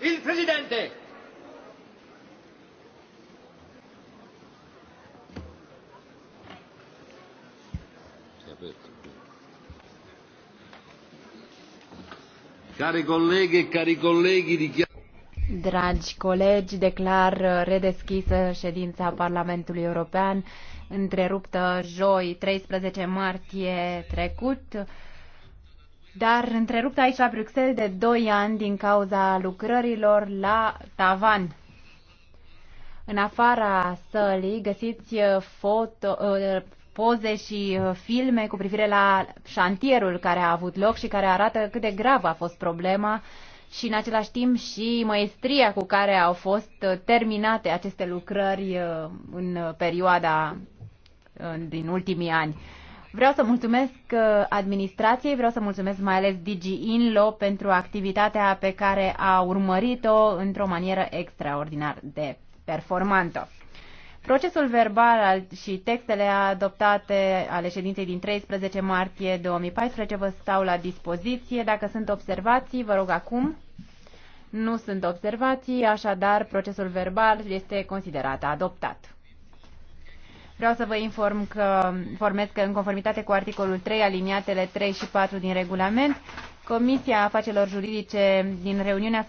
Il Presidente! Care colleghe, cari colleghi, dichiaro... Dragi colegi, declar redeschisă ședința Parlamentului European, întreruptă joi 13 martie trecut dar întrerupt aici la Bruxelles de 2 ani din cauza lucrărilor la tavan. În afara sălii găsiți uh, foto, uh, poze și uh, filme cu privire la șantierul care a avut loc și care arată cât de gravă a fost problema și în același timp și măestria cu care au fost terminate aceste lucrări în perioada din ultimii ani. Vreau să mulțumesc uh, administrației, vreau să mulțumesc mai ales Digi Inlo pentru activitatea pe care a urmărit-o într-o manieră extraordinar de performantă. Procesul verbal și textele adoptate ale ședinței din 13 martie 2014 vă stau la dispoziție. Dacă sunt observații, vă rog acum. Nu sunt observații, așadar procesul verbal este considerat adoptat. Vreau să vă inform că, informez că, în conformitate cu articolul 3, aliniatele 3 și 4 din regulament, Comisia Afacelor Juridice din reuniunea